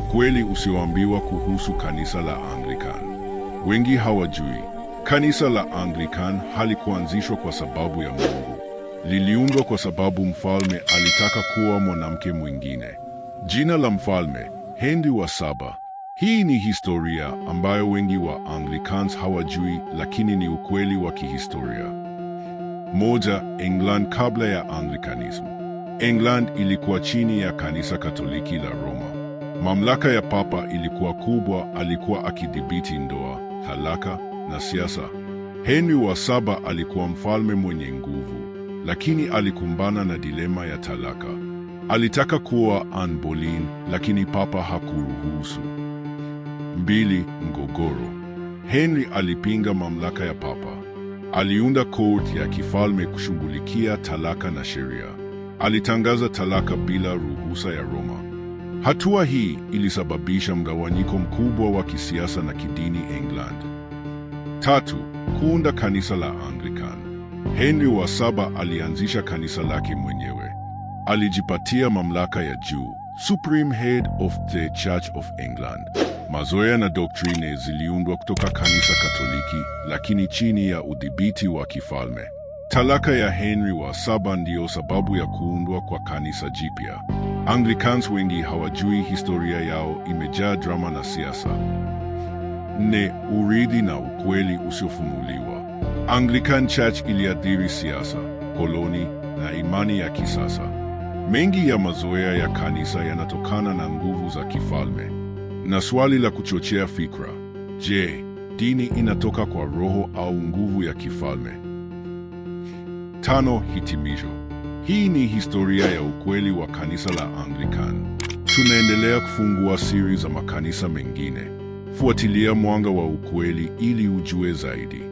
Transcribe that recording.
ukweli usioambiwa kuhusu kanisa la Anglican. Wengi hawajui kanisa la anglican halikuanzishwa kwa sababu ya Mungu. Liliundwa kwa sababu mfalme alitaka kuwa mwanamke mwingine. Jina la mfalme Henry wa saba. Hii ni historia ambayo wengi wa Anglicans hawajui, lakini ni ukweli wa kihistoria. Moja, England kabla ya Anglicanism. England ilikuwa chini ya kanisa Katoliki la Roma. Mamlaka ya papa ilikuwa kubwa, alikuwa akidhibiti ndoa, talaka na siasa. Henry wa saba alikuwa mfalme mwenye nguvu, lakini alikumbana na dilema ya talaka. Alitaka kuwa Anne Boleyn, lakini papa hakuruhusu. Mbili, mgogoro. Henry alipinga mamlaka ya papa. Aliunda court ya kifalme kushughulikia talaka na sheria. Alitangaza talaka bila ruhusa ya Roma. Hatua hii ilisababisha mgawanyiko mkubwa wa kisiasa na kidini England. Tatu, kuunda kanisa la Anglican. Henry wa saba alianzisha kanisa lake mwenyewe. Alijipatia mamlaka ya juu, Supreme Head of the Church of England. Mazoea na doktrine ziliundwa kutoka kanisa Katoliki, lakini chini ya udhibiti wa kifalme. Talaka ya Henry wa saba ndiyo sababu ya kuundwa kwa kanisa jipya anglicans wengi hawajui historia yao imejaa drama na siasa. Ne urithi na ukweli usiofumuliwa. Anglican Church iliathiri siasa, koloni na imani ya kisasa. Mengi ya mazoea ya kanisa yanatokana na nguvu za kifalme. Na swali la kuchochea fikra, je, dini inatoka kwa roho au nguvu ya kifalme? Tano, hitimisho. Hii ni historia ya ukweli wa kanisa la Anglican. Tunaendelea kufungua siri za makanisa mengine. Fuatilia Mwanga wa Ukweli ili ujue zaidi.